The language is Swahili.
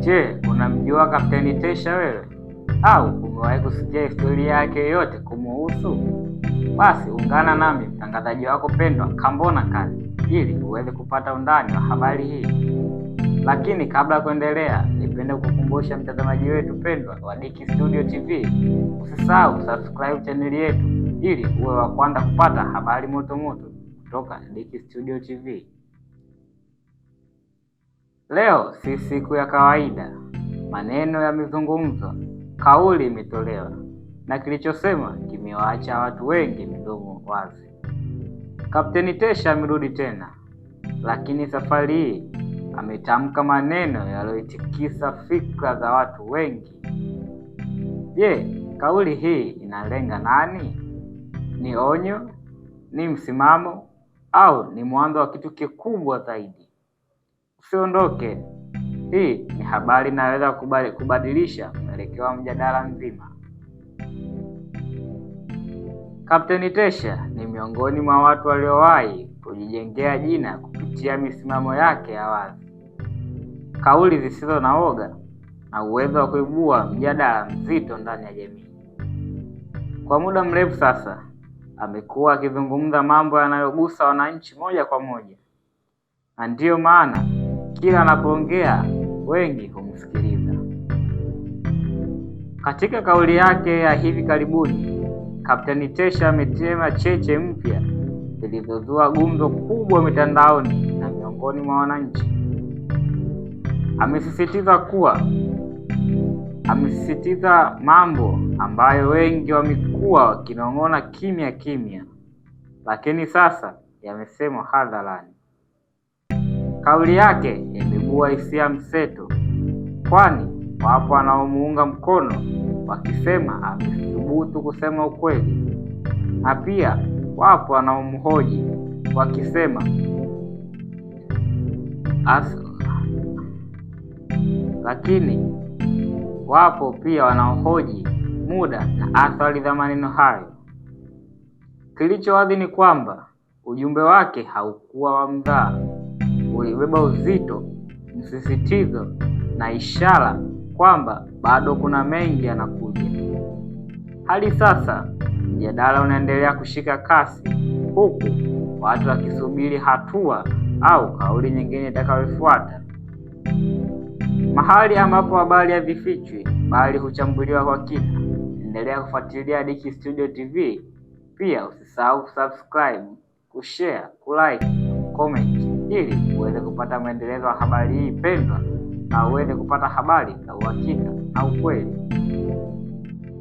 Je, unamjua Kapteni Tesha wewe? Au umewahi kusikia historia yake yoyote kumuhusu? Basi ungana nami mtangazaji wako pendwa Kambona Kazi ili uweze kupata undani wa habari hii. Lakini kabla ya kuendelea, nipende kukumbusha mtazamaji wetu pendwa wa Dicky Studio TV, usisahau subscribe chaneli yetu ili uwe wa kwanza kupata habari moto moto kutoka Dicky Studio TV. Leo si siku ya kawaida. Maneno yamezungumzwa, kauli imetolewa, na kilichosema kimewaacha watu wengi midomo wazi. Kapteni Tesha amerudi tena, lakini safari hii ametamka maneno yaliyoitikisa fikra za watu wengi. Je, kauli hii inalenga nani? Ni onyo? Ni msimamo? Au ni mwanzo wa kitu kikubwa zaidi? usiondoke. Hii ni habari inaweza kubadilisha mwelekeo wa mjadala mzima. Kapteni Tesha ni miongoni mwa watu waliowahi kujijengea jina kupitia misimamo yake ya wazi, kauli zisizo na woga na uwezo wa kuibua mjadala mzito ndani ya jamii. Kwa muda mrefu sasa amekuwa akizungumza mambo yanayogusa wananchi moja kwa moja, na ndiyo maana kila anapoongea wengi humsikiliza. Katika kauli yake ya hivi karibuni, Kapteni Tesha ametema cheche mpya zilizozua gumzo kubwa mitandaoni na miongoni mwa wananchi. Amesisitiza kuwa amesisitiza mambo ambayo wengi wamekuwa wakinong'ona kimya kimya, lakini sasa yamesemwa hadharani. Kauli yake imebua hisia mseto, kwani wapo wanaomuunga mkono wakisema amethubutu kusema ukweli, na pia wapo wanaomhoji wakisema as lakini wapo pia wanaohoji muda na athari za maneno hayo. Kilicho wazi ni kwamba ujumbe wake haukuwa wa mdhaa ulibeba uzito, msisitizo na ishara kwamba bado kuna mengi yanakuja. Hadi sasa mjadala unaendelea kushika kasi, huku watu wakisubiri hatua au kauli nyingine itakayofuata, mahali ambapo habari hazifichwi bali huchambuliwa kwa kina. Endelea kufuatilia Dicky Studio TV. Pia usisahau kusubscribe, kushare, kulike ili uweze kupata maendelezo ya habari hii pendwa, na uweze kupata habari za uhakika au kweli.